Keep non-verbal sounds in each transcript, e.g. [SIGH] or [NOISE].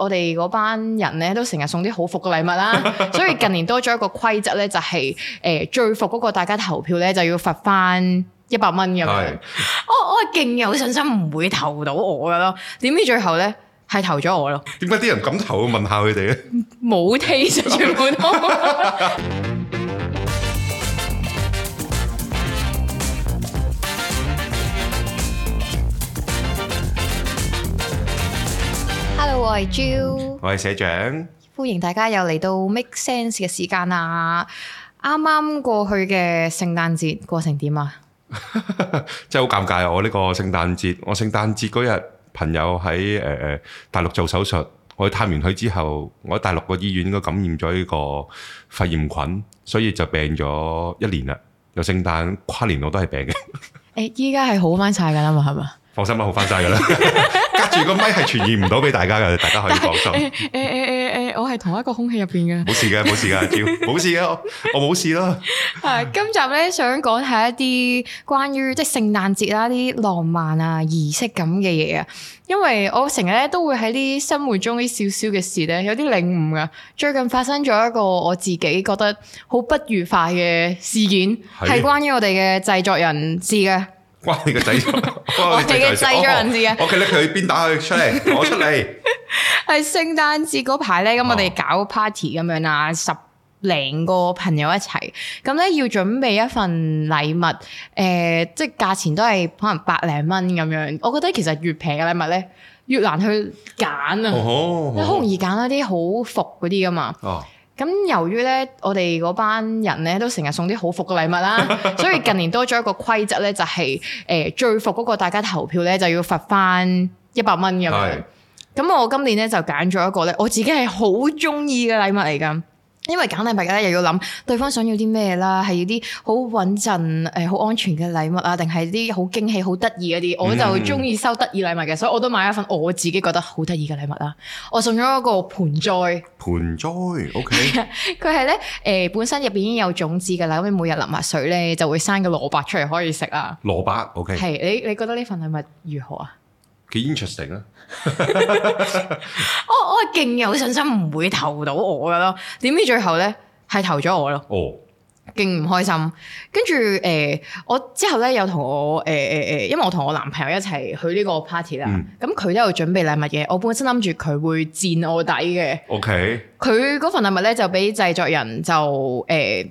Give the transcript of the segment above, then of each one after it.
我哋嗰班人咧都成日送啲好伏嘅禮物啦， [LAUGHS] 所以近年多咗一個規則咧，就係、是、誒、呃、最伏嗰個大家投票咧就要罰返一百蚊咁樣。我我係勁有信心唔會投到我㗎囉，點知最後咧係投咗我囉。點解啲人咁投？問下佢哋咧。冇 taste 全部都。 [LAUGHS] [LAUGHS] Hello, 我係 Jill 我係社長，歡迎大家又嚟到 Make Sense 嘅時間啊！啱啱過去嘅聖誕節過程點啊？ [LAUGHS] 真係好尷尬啊！我呢個聖誕節，我聖誕節嗰日朋友喺誒誒大陸做手術，我去探完佢之後，我喺大陸個醫院應該感染咗呢個肺炎菌，所以就病咗一年啦。有聖誕跨年我都係病嘅。誒， [LAUGHS] [LAUGHS] 依家係好翻晒噶啦嘛？係嘛？放心啦，好翻晒噶啦。 [LAUGHS] 隔住個咪係傳染唔到俾大家嘅，大家可以放心。誒誒誒誒，我係同一個空氣入邊嘅。冇事嘅，冇事嘅，冇 [LAUGHS] 事嘅，我冇事咯。係、啊、今集咧，想講下一啲關於即係聖誕節啦，啲浪漫啊、儀式感嘅嘢啊。因為我成日咧都會喺啲生活中啲少少嘅事咧，有啲領悟噶。最近發生咗一個我自己覺得好不愉快嘅事件，係的關於我哋嘅製作人事嘅。關你個製作，我哋嘅製作人士啊！我企喺佢邊打佢出嚟，我出嚟。係聖誕節嗰排咧，咁我哋搞 party 咁樣啦，十零個朋友一齊，咁咧要準備一份禮物，誒、呃，即係價錢都係可能百零蚊咁樣。我覺得其實越平嘅禮物咧，越難去揀啊，好容易揀一啲好伏嗰啲噶嘛。咁由於咧，我哋嗰班人咧都成日送啲好伏嘅禮物啦， [LAUGHS] 所以近年多咗一個規則咧，就係、是、誒、呃、最伏嗰個大家投票咧就要罰返一百蚊咁樣。咁是我今年咧就揀咗一個咧，我自己係好鍾意嘅禮物嚟㗎。因為揀禮物嘅咧，又要諗對方想要啲咩啦，係要啲好穩陣誒好安全嘅禮物啊，定係啲好驚喜、好得意嗰啲，嗯、我就中意收得意禮物嘅，所以我都買一份我自己覺得好得意嘅禮物啦。我送咗一個盆栽，盆栽，OK，佢係咧誒本身入邊已經有種子噶啦，咁你每日淋下水咧就會生個蘿蔔出嚟可以食啊。蘿蔔，OK，係你你覺得呢份禮物如何啊？幾 interesting 啊！我我係勁有信心唔會投到我噶咯點知最後咧，係投咗我咯。哦，勁唔開心。跟住誒，我之後咧又同我誒誒誒，因為我同我男朋友一齊去呢個 party 啦。咁佢、mm. 都有準備禮物嘅。我本身諗住佢會佔我底嘅。OK。佢嗰份禮物咧就俾製作人就誒。呃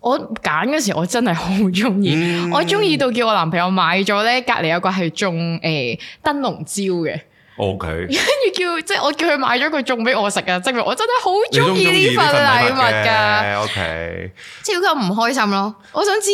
我揀嗰時我真係好中意，嗯、我中意到叫我男朋友買咗咧，隔籬有個係種誒燈籠椒嘅。O K，跟住叫即係我叫佢買咗，佢種俾我食啊！證明我真係好中意呢份禮物噶。Okay. OK，超級唔開心咯！我想知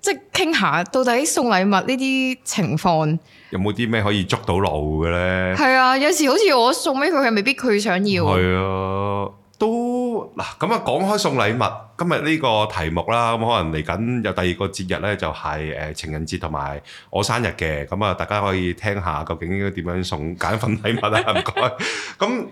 即係傾下到底送禮物呢啲情況有冇啲咩可以捉到路嘅咧？係啊，有時好似我送俾佢，佢未必佢想要。係啊，都。嗱咁啊，講開送禮物，今日呢個題目啦，咁可能嚟緊有第二個節日咧，就係誒情人節同埋我生日嘅，咁啊，大家可以聽下究竟應該點樣送揀份禮物啊？唔該。咁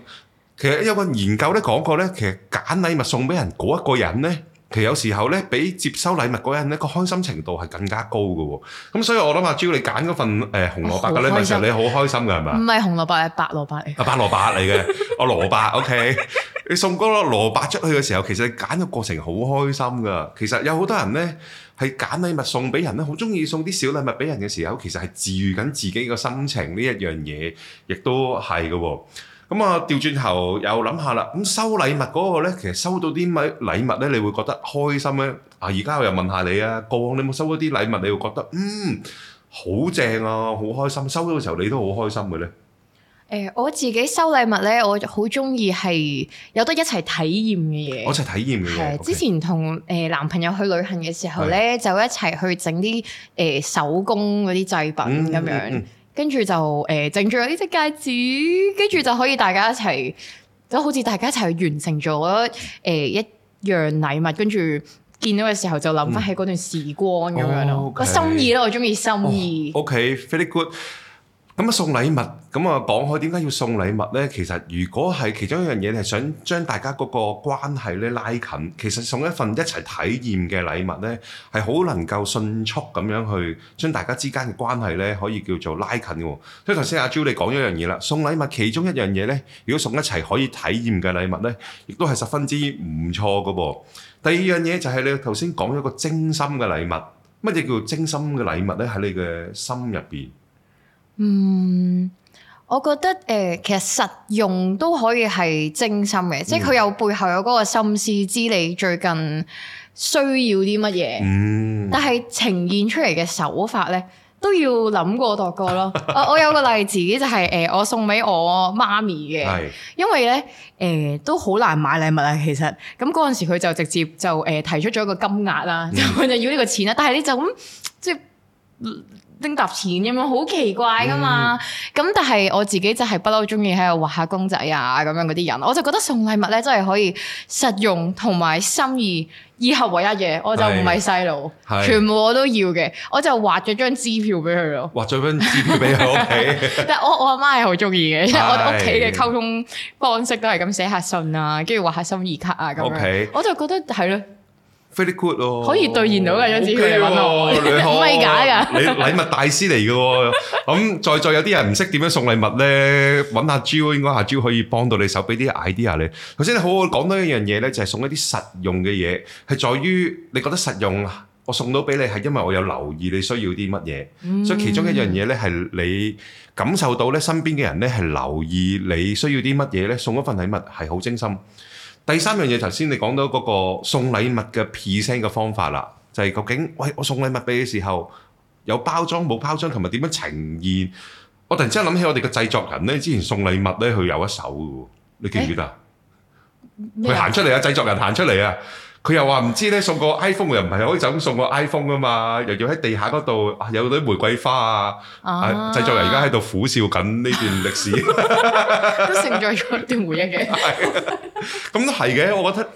其實有個研究咧講過咧，其實揀禮物送俾人嗰一個人咧，其實有時候咧，俾接收禮物嗰人咧個開心程度係更加高嘅。咁所以我諗啊，只要你揀嗰份誒紅蘿卜咧，其實你係好開心嘅，係嘛？唔係紅蘿卜，係白蘿卜嚟。啊，白蘿卜嚟嘅，我蘿卜，OK。你送嗰粒蘿蔔出去嘅時候，其實你揀嘅過程好開心噶。其實有好多人呢，係揀禮物送俾人呢，好中意送啲小禮物俾人嘅時候，其實係治愈緊自己個心情呢、嗯、一樣嘢，亦都係嘅。咁啊，調轉頭又諗下啦。咁收禮物嗰個呢，其實收到啲乜禮物呢，你會覺得開心呢？啊，而家我又問下你啊，過往你有冇收一啲禮物，你會覺得嗯好正啊，好開心。收到嘅時候你都好開心嘅呢？誒、呃、我自己收禮物咧，我好中意係有得一齊體驗嘅嘢。我一齊體驗嘅嘢。係是之前同誒男朋友去旅行嘅時候咧，是的 就一齊去整啲誒手工嗰啲製品咁樣，嗯嗯嗯、跟住就誒整咗呢隻戒指，跟住就可以大家一齊都好似大家一齊去完成咗誒、呃、一樣禮物，跟住見到嘅時候就諗翻起諗返起嗰段時光咁樣咯。個心意咧，哦、okay, 我中意心意。哦、OK，very、okay, good。咁啊送禮物，咁啊講開，點解要送禮物呢？其實如果係其中一樣嘢，係想將大家嗰個關係咧拉近，其實送一份一齊體驗嘅禮物呢，係好能夠迅速咁樣去將大家之間嘅關係咧，可以叫做拉近嘅。所以頭先阿 Jo 你講一樣嘢啦，送禮物其中一樣嘢呢，如果送一齊可以體驗嘅禮物呢，亦都係十分之唔錯嘅噃。第二樣嘢就係你頭先講咗個精心嘅禮物，乜嘢叫做精心嘅禮物呢？喺你嘅心入邊。嗯，我覺得誒、呃，其實實用都可以係精心嘅，嗯、即係佢有背後有嗰個心思，知你最近需要啲乜嘢。嗯、但係呈現出嚟嘅手法咧，都要諗過度過咯。 [LAUGHS] 我有個例子就係、是、誒、呃，我送俾我媽咪嘅，是因為咧誒、呃、都好難買禮物啊。其實咁嗰陣時佢就直接就誒、呃、提出咗一個金額啦、嗯，就佢、就要呢個錢啦。但係你就咁即係。拎揼錢嘅嘛，好奇怪噶嘛，咁、嗯、但係我自己就係不嬲中意喺度畫下公仔啊咁樣嗰啲人，我就覺得送禮物咧真係可以實用同埋心意以合為一嘢，我就唔係細路，是全部我都要嘅，我就畫咗張支票俾佢咯，畫咗張支票俾佢屋企， [LAUGHS] okay [LAUGHS] 但係我我阿媽係好中意嘅，因為是我哋屋企嘅溝通方式都係咁寫下信啊，跟住畫下心意卡啊咁樣，okay 我就覺得係咯。very good 喎，可以兌現到嘅張紙券喎，唔係假嘅，禮物大師嚟嘅喎。咁在在有啲人唔識點樣送禮物呢，揾阿 J 應該阿 J 可以幫到你手，俾啲 idea 你。頭先咧，好好講多一樣嘢咧，就係送一啲實用嘅嘢，係在於你覺得實用，我送到俾你係因為我有留意你需要啲乜嘢，所以其中一樣嘢呢係你感受到呢，身邊嘅人呢係留意你需要啲乜嘢呢，送一份禮物係好精心。第三樣嘢，頭先你講到嗰個送禮物嘅 present 嘅方法啦，就係、是、究竟，喂，我送禮物俾你嘅時候有包裝冇包裝，同埋點樣呈現？我突然之間諗起我哋嘅製作人咧，之前送禮物咧，佢有一手嘅喎，你記唔記得？佢行、欸、出嚟啊，製作人行出嚟啊！佢又話唔知咧，送個 iPhone 又唔係可以就咁送個 iPhone 噶嘛，又要喺地下嗰度有啲玫瑰花啊！製作人而家喺度苦笑緊呢段歷史，都承載咗一段回憶嘅。咁都係嘅，我覺得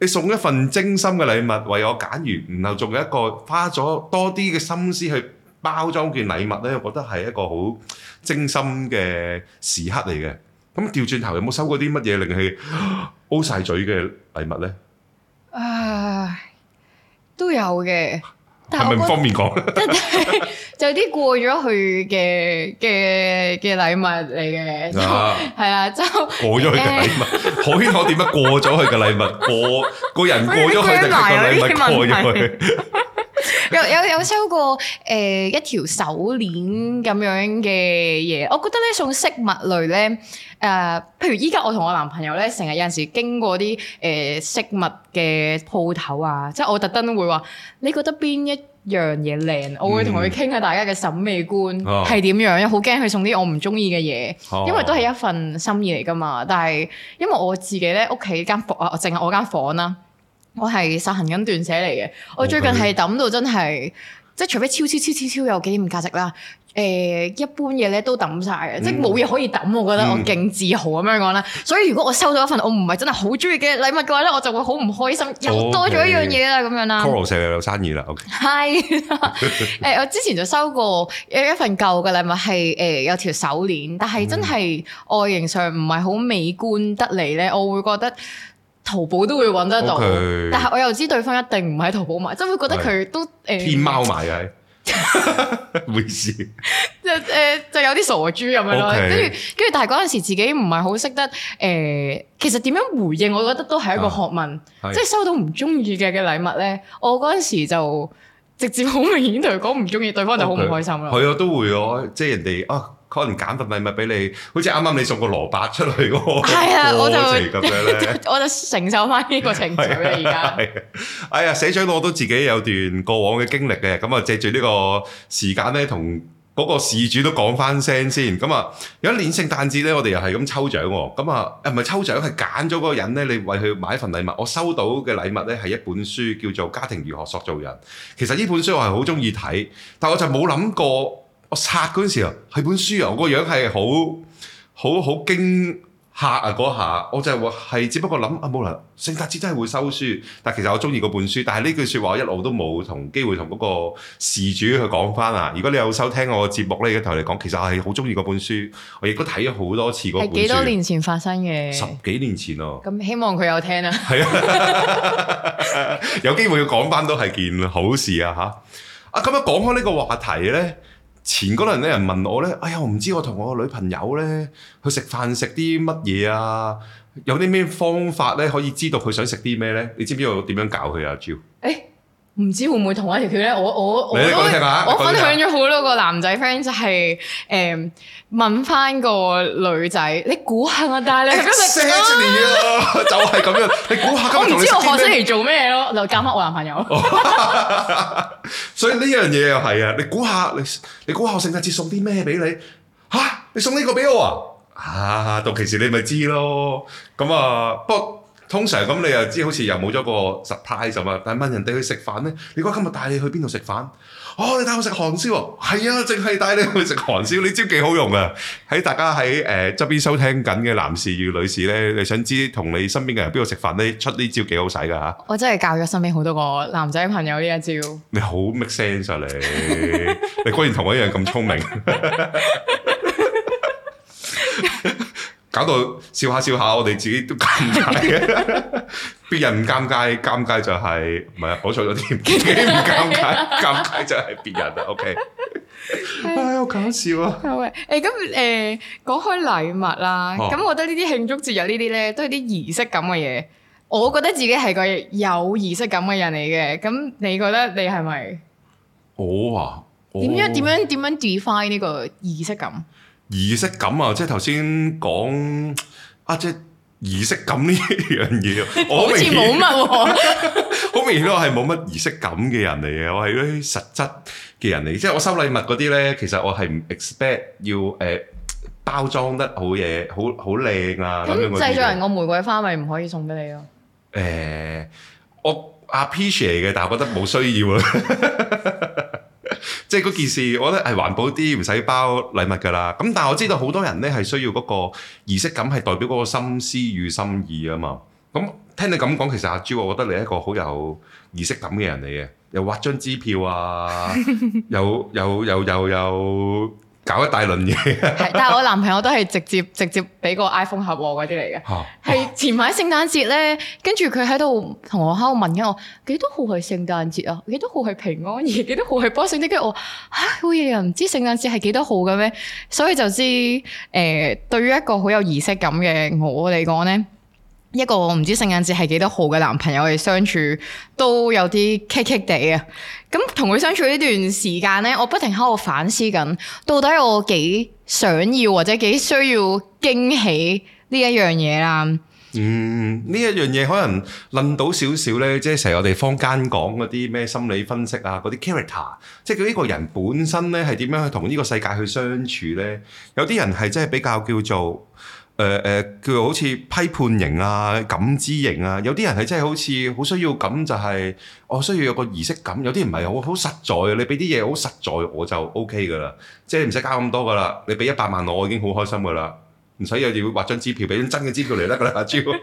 你送一份精心嘅禮物為我揀完，然後仲有一個花咗多啲嘅心思去包裝件禮物咧，我覺得係一個好精心嘅時刻嚟嘅。咁調轉頭有冇收過啲乜嘢令佢 O 曬嘴嘅禮物咧？唉、啊，都有嘅，但係唔不覺方便講， [LAUGHS] 就啲過咗去嘅嘅嘅禮物嚟嘅，係啊， [LAUGHS] 就過咗去嘅禮物， [LAUGHS] 好冤，我點解過咗去嘅禮物，個 [LAUGHS] 個人過咗去，定係個禮物過咗去。 [LAUGHS] [LAUGHS] 有有有收過誒、呃、一條手鏈咁樣嘅嘢，我覺得咧送飾物類咧誒、呃，譬如依家我同我男朋友咧，成日有陣時經過啲誒、呃、飾物嘅鋪頭啊，即係我特登會話，你覺得邊一樣嘢靚？嗯、我會同佢傾下大家嘅審美觀係點樣，好驚佢送啲我唔中意嘅嘢，因為都係一份心意嚟噶嘛。但係因為我自己咧屋企間房啊，淨係我間房啦。我係實行緊斷捨離嘅，我最近係抌到真係，Okay. 即係除非超超超超超有紀念價值啦，誒、呃、一般嘢咧都抌晒，嘅、嗯，即係冇嘢可以抌，我覺得我勁自豪咁樣講啦。所以如果我收到一份我唔係真係好中意嘅禮物嘅話咧，我就會好唔開心，又多咗一樣嘢啦咁樣啦。Coro 成日有生意啦，OK？係、 [LAUGHS] 欸，誒我之前就收過一份舊嘅禮物係誒有條手鏈，但係真係外形上唔係好美觀得嚟咧，我會覺得。淘寶都會揾得到，okay, 但係我又知對方一定唔喺淘寶買，即係會覺得佢都誒，天貓買嘅，冇意思，就誒就有啲傻豬咁樣咯。跟住跟住，但係嗰陣時自己唔係好識得誒、呃，其實點樣回應，我覺得都係一個學問。即係、啊、收到唔中意嘅嘅禮物咧，我嗰陣時就直接好明顯同佢講唔中意，對方就好唔開心咯。係啊 Okay，都會啊，即係人哋啊。可能揀份禮物俾你，好似啱啱你送個蘿蔔出嚟喎，係啊、哎呀，我就 [LAUGHS] [LAUGHS] 我就承受翻呢個情緒啦。而家，哎呀，社長，我都自己有段過往嘅經歷嘅，咁啊，借住呢個時間咧，同嗰個事主都講翻聲先。咁啊，有一年聖誕節咧，我哋又係咁抽獎喎，咁啊，唔係抽獎係揀咗嗰個人咧，你為佢買一份禮物。我收到嘅禮物咧係一本書，叫做《家庭如何塑造人》。其實呢本書我係好中意睇，但我就冇諗過。我拆嗰陣時啊，係本書啊，我個樣係好、好、好驚嚇啊！嗰下我就係話係，只不過諗啊，冇啦，聖誕節真係會收書，但其實我中意嗰本書，但係呢句説話我一路都冇同機會同嗰個事主去講翻啊！如果你有收聽我嘅節目咧，而家同你講，其實我係好中意嗰本書，我亦都睇咗好多次嗰本書。幾多年前發生嘅？十幾年前咯、啊。咁希望佢有聽是啊！係啊，有機會要講翻都係件好事啊！吓、啊，啊！咁啊，講開呢個話題咧。前嗰輪有人問我咧，哎呀，我唔知我同我女朋友咧去食飯食啲乜嘢啊？有啲咩方法咧可以知道佢想食啲咩咧？你知唔知我點樣搞佢啊 Jo？唔知會唔會同一條片咧？我我我都我分享咗好多個男仔 friend 就係誒問翻個女仔，你估下我帶你去邊個星期啊？就係咁樣，你估下我唔知我何星期做咩咯？就教翻我男朋友。所以呢樣嘢又係啊！你估下你你估下聖誕節送啲咩俾你嚇？你送呢個俾我啊嚇？到其時你咪知咯。咁啊不。通常咁你知又知好似又冇咗個 surprise 咁啊！但問人哋去食飯呢？你講今日帶你去邊度食飯？哦，你帶我食韓燒，係啊，淨係帶你去食韓燒，你招幾好用啊！喺大家喺誒側邊收聽緊嘅男士與女士呢，你想知同你身邊嘅人邊度食飯呢？出呢招幾好使㗎嚇！我真係教咗身邊好多個男仔朋友呢一招。你好 make sense 啊你！ [LAUGHS] 你居然同我一樣咁聰明。 [LAUGHS] 搞到笑下笑下，我哋自己都尷尬啊！別人唔尷尬，尷尬就係唔係？我錯咗啲，自己唔尷尬，尷尬就係別人啊！OK，好搞笑啊！好嘅，誒咁誒講開禮物啦，咁我覺得呢啲慶祝節日呢啲咧，都係啲儀式感嘅嘢。我覺得自己係個有儀式感嘅人嚟嘅，咁你覺得你係咪？好啊，點樣點樣點樣 define 呢個儀式感？儀式感啊，即係頭先講啊，即係儀式感呢樣嘢，我好似冇乜，好明顯我係冇乜儀式感嘅人嚟嘅，我係嗰啲實質嘅人嚟，即係我收禮物嗰啲咧，其實我係唔 expect 要誒、呃、包裝得好嘢，好好靚啊咁樣。咁 [LAUGHS] 製作人，我玫瑰花咪唔可以送俾你咯？誒、 [LAUGHS] 呃，我 appreciate 嘅，但係我覺得冇需要。 [LAUGHS] 即係嗰件事，我覺得係環保啲，唔使包禮物㗎啦。咁但係我知道好多人咧係需要嗰個儀式感，係代表嗰個心思與心意啊嘛。咁聽你咁講，其實阿朱，我覺得你係一個好有儀式感嘅人嚟嘅，又畫張支票啊，又又又又又。又又又又搞一大輪嘢 [LAUGHS] 但係我男朋友都係直接直接俾個 iPhone 盒我嗰啲嚟嘅。係、啊、前排聖誕節咧，跟住佢喺度同我喺度問緊我幾多號係聖誕節啊，幾多號係平安夜，幾多號係 Boxing Day，跟住我吓，會有人啊，唔知聖誕節係幾多號嘅咩？所以就知誒、呃，對於一個好有儀式感嘅我嚟講咧。一個我唔知聖誕節係幾多號嘅男朋友嚟相處都有啲棘棘地啊！咁同佢相處呢段時間呢，我不停喺度反思緊，到底我幾想要或者幾需要驚喜呢一樣嘢啦？嗯，呢一樣嘢可能論到少少呢，即係成日我哋坊間講嗰啲咩心理分析啊，嗰啲 character，即係佢呢個人本身呢係點樣去同呢個世界去相處呢？有啲人係真係比較叫做。誒誒，佢、呃、好似批判型啊、感知型啊，有啲人係真係好似好需要咁，就係、是、我需要有個儀式感。有啲唔係好好實在，你俾啲嘢好實在我就 OK 噶啦，即係唔使交咁多噶啦。你俾一百萬我，我已經好開心噶啦，唔使又要畫張支票，俾啲真嘅支票嚟得噶啦。阿 Jo，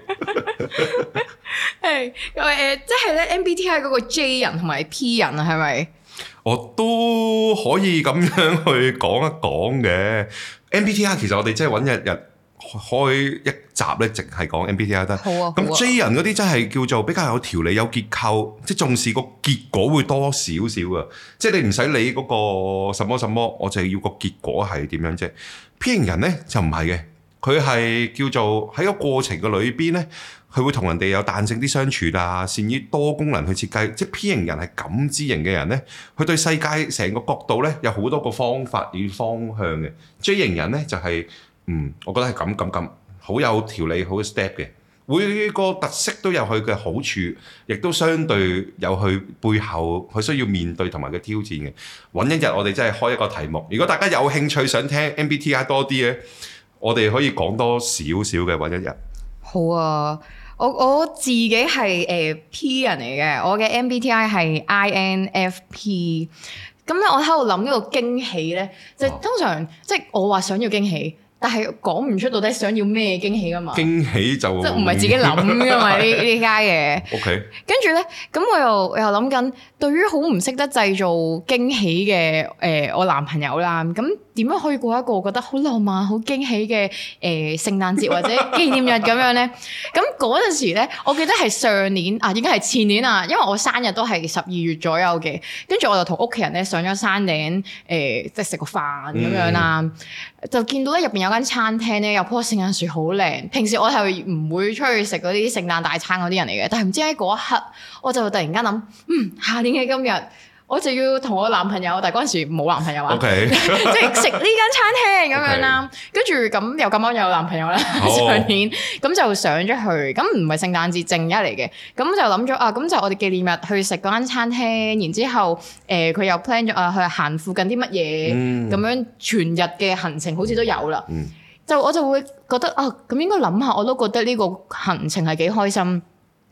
即係咧 MBTI 嗰個 J 人同埋 P 人啊，係咪？我都可以咁樣去講一講嘅 [LAUGHS] MBTI，其實我哋真係揾日日。開一集咧，淨係講 MBTI 得。咁、啊啊、J 人嗰啲真係叫做比較有條理、有結構，即係重視個結果會多少少啊！即係你唔使理嗰個什麼什麼，我就係要個結果係點樣啫。P 型人呢，就唔係嘅，佢係叫做喺個過程嘅裏邊呢，佢會同人哋有彈性啲相處啊，善於多功能去設計。即係 P 型人係感知型嘅人呢，佢對世界成個角度呢，有好多個方法與方向嘅。J 型人呢，就係、係。嗯，我覺得係咁咁咁，好有條理，好 step 嘅，每個特色都有佢嘅好處，亦都相對有佢背後佢需要面對同埋嘅挑戰嘅。揾一日我哋真係開一個題目，如果大家有興趣想聽 MBTI 多啲呢，我哋可以講多少少嘅揾一日。一好啊，我我自己係誒、呃、P 人嚟嘅，我嘅 MBTI 係 INFP。咁咧，我喺度諗呢個驚喜呢，就係、通常即係、哦、我話想要驚喜。但係講唔出到底想要咩驚喜㗎嘛？驚喜就即係唔係自己諗㗎嘛？呢呢家嘢。OK。跟住咧，咁我又又諗緊，對於好唔識得製造驚喜嘅誒、呃，我男朋友啦，咁。點樣可以過一個覺得好浪漫、好驚喜嘅誒、呃、聖誕節或者紀念日咁樣咧？咁嗰陣時咧，我記得係上年啊，應該係前年啦，因為我生日都係十二月左右嘅，跟住我就同屋企人咧上咗山頂，誒、呃、即係食個飯咁樣啦，嗯、就見到咧入邊有間餐廳咧有棵聖誕樹好靚。平時我係唔會出去食嗰啲聖誕大餐嗰啲人嚟嘅，但係唔知喺嗰一刻，我就突然間諗，嗯，下年嘅今日。我就要同我男朋友，但係嗰陣時冇男朋友啊，即係食呢間餐廳咁樣啦。跟住咁又咁啱有男朋友咧，上、oh. 年咁就上咗去。咁唔係聖誕節正一嚟嘅，咁就諗咗啊。咁就我哋紀念日去食嗰間餐廳，然之後誒佢、呃、又 plan 咗啊，去行附近啲乜嘢咁樣全日嘅行程好似都有啦。Mm. 就我就會覺得啊，咁應該諗下，我都覺得呢個行程係幾開心。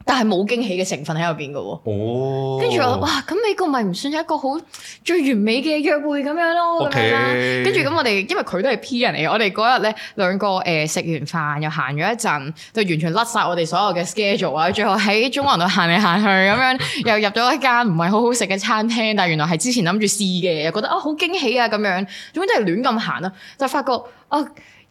但係冇驚喜嘅成分喺入邊嘅喎，跟住、哦、我話：哇，咁美國咪唔算係一個好最完美嘅約會咁樣咯？跟住咁我哋，因為佢都係 P 人嚟，我哋嗰日咧兩個誒食、呃、完飯又行咗一陣，就完全甩晒我哋所有嘅 schedule 啊！最後喺中環度行嚟行去咁樣，又入咗一間唔係好好食嘅餐廳，但係原來係之前諗住試嘅，又覺得啊好、哦、驚喜啊咁樣。總之都係亂咁行啦，就發覺啊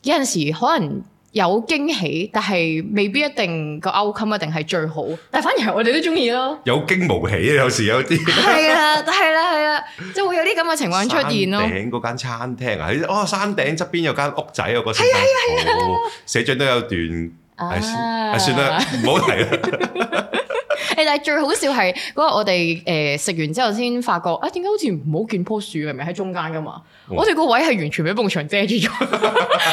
有陣時可能。有驚喜，但係未必一定個 outcome 一定係最好，但係反而係我哋都中意咯。有驚無喜，有時有啲係啊，係啦，係啦，就會有啲咁嘅情況出現咯。山頂嗰間餐廳啊，哦，山頂側邊有間屋仔，我覺得係啊係啊係啊，社長都有段，係算啦，唔好提啦。 [LAUGHS] 但係最好笑係嗰日我哋誒食完之後先發覺啊，點解好似唔好見棵樹係咪喺中間噶嘛？我哋個位係完全俾一埲牆遮住咗。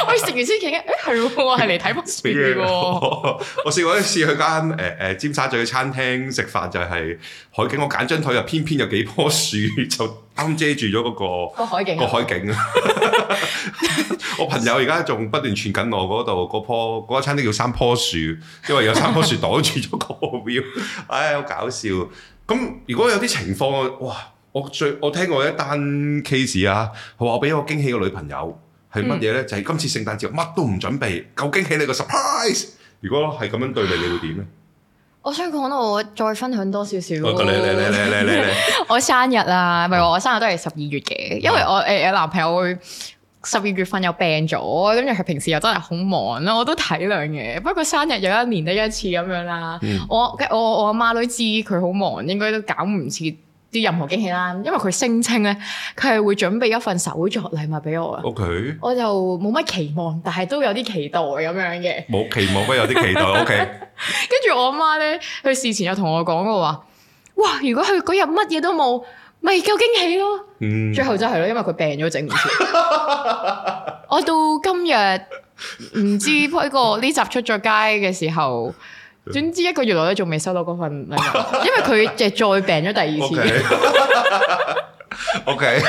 我食完先驚誒係喎，係嚟睇棵樹。我試過一次去間誒誒尖沙咀嘅餐廳食飯就係、是、海景，我揀張台又偏偏有幾棵樹就。嗯 [LAUGHS] 啱遮住咗嗰，那個，個海景，海景啊！我朋友而家仲不斷串緊我嗰度嗰棵，嗰一餐叫三棵樹，因為有三棵樹擋住咗個標，哎，唉好搞笑！咁如果有啲情況，哇！我最我聽過一單 case 啊，佢話俾我一個驚喜個女朋友係乜嘢咧？呢嗯、就係今次聖誕節乜都唔準備，夠驚喜你個 surprise！如果係咁樣對你，你會點咧？我想講到我再分享多少少咯， [LAUGHS] 我生日啊，唔係，我生日都係十二月嘅，因為我誒有、呃、男朋友會十二月份又病咗，跟住佢平時又真係好忙咯，我都體諒嘅。不過生日有一年得一次咁樣啦、嗯，我我我阿媽都知佢好忙，應該都搞唔切。啲任何驚喜啦，因為佢聲稱咧，佢係會準備一份手作禮物俾我嘅。O Okay ? K，我就冇乜期望，但係都有啲期待咁樣嘅。冇期望，不有啲期待。O K，跟住我阿媽咧，佢事前又同我講過話，哇！如果佢嗰日乜嘢都冇，咪夠驚喜咯。嗯，最後就係咯，因為佢病咗，整唔切。 [LAUGHS] 我到今日唔知開、呢個呢集出咗街嘅時候。總之一個月內咧，仲未收到嗰份禮物， [LAUGHS] 因為佢就再病咗第二次。O Okay. [LAUGHS] K，Okay.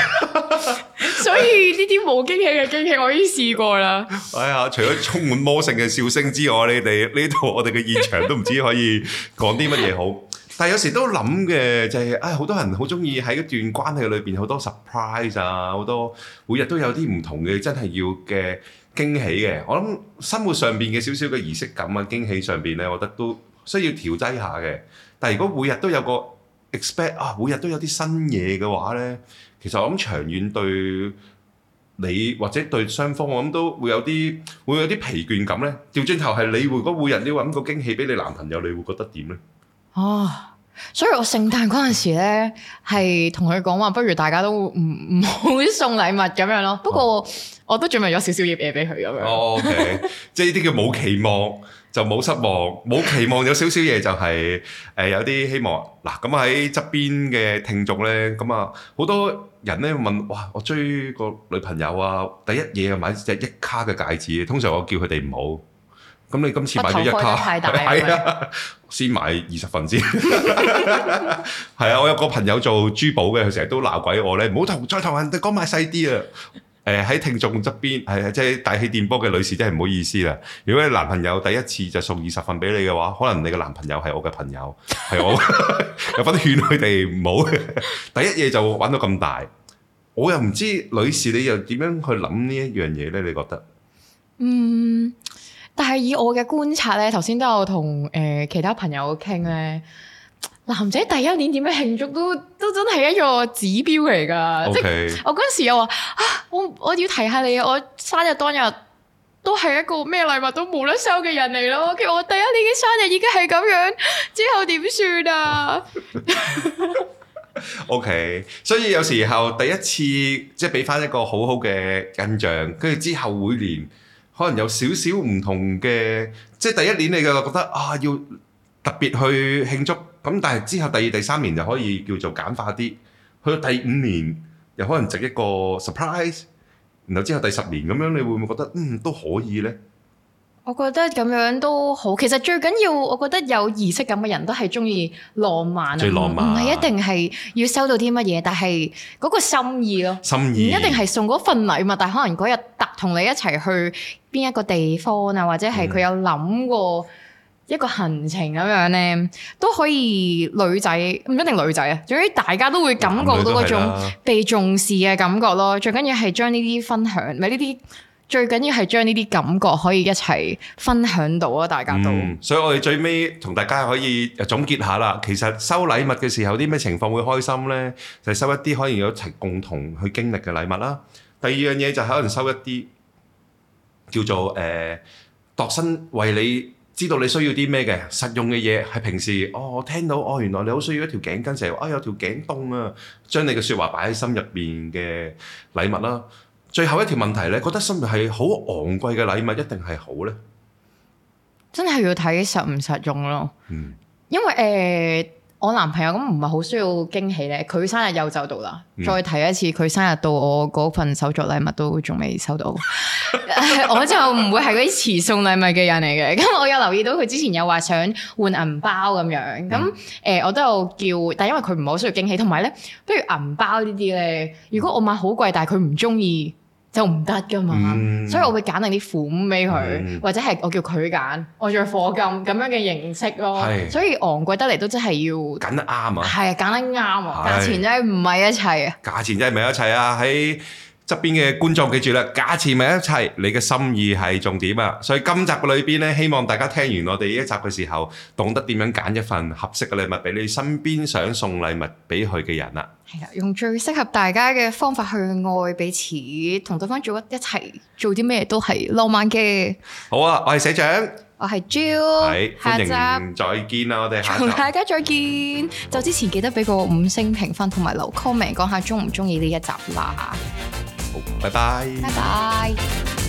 [LAUGHS] 所以呢啲冇驚喜嘅驚喜，我已經試過啦。哎呀，除咗充滿魔性嘅笑聲之外，你哋呢度我哋嘅現場都唔知可以講啲乜嘢好。但係有時都諗嘅就係、是，啊、哎，好多人好中意喺一段關係裏邊好多 surprise 啊，好多每日都有啲唔同嘅，真係要嘅。驚喜嘅，我諗生活上邊嘅少少嘅儀式感啊，驚喜上邊咧，我覺得都需要調劑下嘅。但係如果每日都有個 expect 啊，每日都有啲新嘢嘅話咧，其實我諗長遠對你或者對雙方，我諗都會有啲會有啲疲倦感咧。調轉頭係你會，如果每日你話諗個驚喜俾你男朋友，你會覺得點咧？哦，所以我聖誕嗰陣時咧，係同佢講話，不如大家都唔唔好送禮物咁樣咯。不過，我都準備咗少少嘢俾佢咁樣。哦，即係呢啲叫冇期望就冇失望，冇期望有少少嘢就係誒有啲希望。嗱，咁喺側邊嘅聽眾咧，咁啊好多人咧問：哇，我追個女朋友啊，第一嘢買隻一卡嘅戒指。通常我叫佢哋唔好。咁你今次買咗一卡？太大啦！先買二十分先。係啊，我有個朋友做珠寶嘅，佢成日都鬧鬼我咧，唔好同再同人哋講買細啲啊！誒喺聽眾側邊係即係大氣電波嘅女士，真係唔好意思啦！如果你男朋友第一次就送二十份俾你嘅話，可能你嘅男朋友係我嘅朋友，係我 [LAUGHS] [LAUGHS] 有份勸佢哋唔好。第一嘢就玩到咁大，我又唔知女士你又點樣去諗呢一樣嘢呢？你覺得？嗯，但係以我嘅觀察呢，頭先都有同誒、呃、其他朋友傾呢。男仔第一年點樣慶祝都都真係一個指標嚟㗎，Okay. 即係我嗰陣時又話啊，我我要提下你，我生日當日都係一個咩禮物都冇得收嘅人嚟咯。跟、okay? 住我第一年嘅生日已經係咁樣，之後點算啊 [LAUGHS] ？OK，所以有時候第一次即係俾翻一個好好嘅印象，跟住之後每年可能有少少唔同嘅，即係第一年你就覺得啊，要特別去慶祝。咁但係之後第二第三年就可以叫做簡化啲，去到第五年又可能值一個 surprise，然後之後第十年咁樣，你會唔會覺得嗯都可以呢？我覺得咁樣都好，其實最緊要我覺得有儀式感嘅人都係中意浪漫，最浪漫，唔係一定係要收到啲乜嘢，但係嗰個心意咯，心意，唔一定係送嗰份禮物，但係可能嗰日帶同你一齊去邊一個地方啊，或者係佢有諗過。一個行程咁樣呢，都可以女仔，唔一定女仔啊，總之大家都會感覺到嗰種被重視嘅感覺咯、嗯。最緊要係將呢啲分享，咪呢啲最緊要係將呢啲感覺可以一齊分享到啊！大家都，嗯、所以我哋最尾同大家可以總結下啦。其實收禮物嘅時候，啲咩情況會開心呢？就係、收一啲可以有一齊共同去經歷嘅禮物啦。第二樣嘢就可能收一啲叫做誒、呃，度身為你。知道你需要啲咩嘅實用嘅嘢，係平時哦我聽到哦，原來你好需要一條頸巾，成日啊有條頸凍啊，將你嘅説話擺喺心入邊嘅禮物啦、啊。最後一條問題，你覺得心入係好昂貴嘅禮物，一定係好咧？真係要睇實唔實用咯。嗯，因為誒。欸我男朋友咁唔係好需要驚喜咧，佢生日又就到啦，嗯、再提一次佢生日到我，我嗰份手作禮物都仲未收到， [LAUGHS] [LAUGHS] 我就唔會係嗰啲遲送禮物嘅人嚟嘅。咁我有留意到佢之前又話想換銀包咁樣，咁誒、嗯呃、我都有叫，但因為佢唔係好需要驚喜，同埋咧，不如銀包呢啲咧，如果我買好貴，但係佢唔中意。就唔得噶嘛，嗯、所以我會揀定啲款俾佢，嗯、或者係我叫佢揀，我做火金咁樣嘅形式咯。是所以昂貴得嚟都真係要揀得啱啊！係揀得啱啊，是價錢真係唔係一齊啊！價錢真係唔係一齊啊！喺側邊嘅觀眾記住啦，假設咪一切，你嘅心意係重點啊！所以今集嘅裏邊呢，希望大家聽完我哋呢一集嘅時候，懂得點樣揀一份合適嘅禮物俾你身邊想送禮物俾佢嘅人啊。係啦，用最適合大家嘅方法去愛彼此，同對方做一齊做啲咩都係浪漫嘅。好啊，我係社長，我係 Jill，係，歡迎下集再見啦，我哋下集同大家再見。走之前記得俾個五星評分同埋留 comment 講下鍾唔鍾意呢一集啦。好，拜拜，拜拜。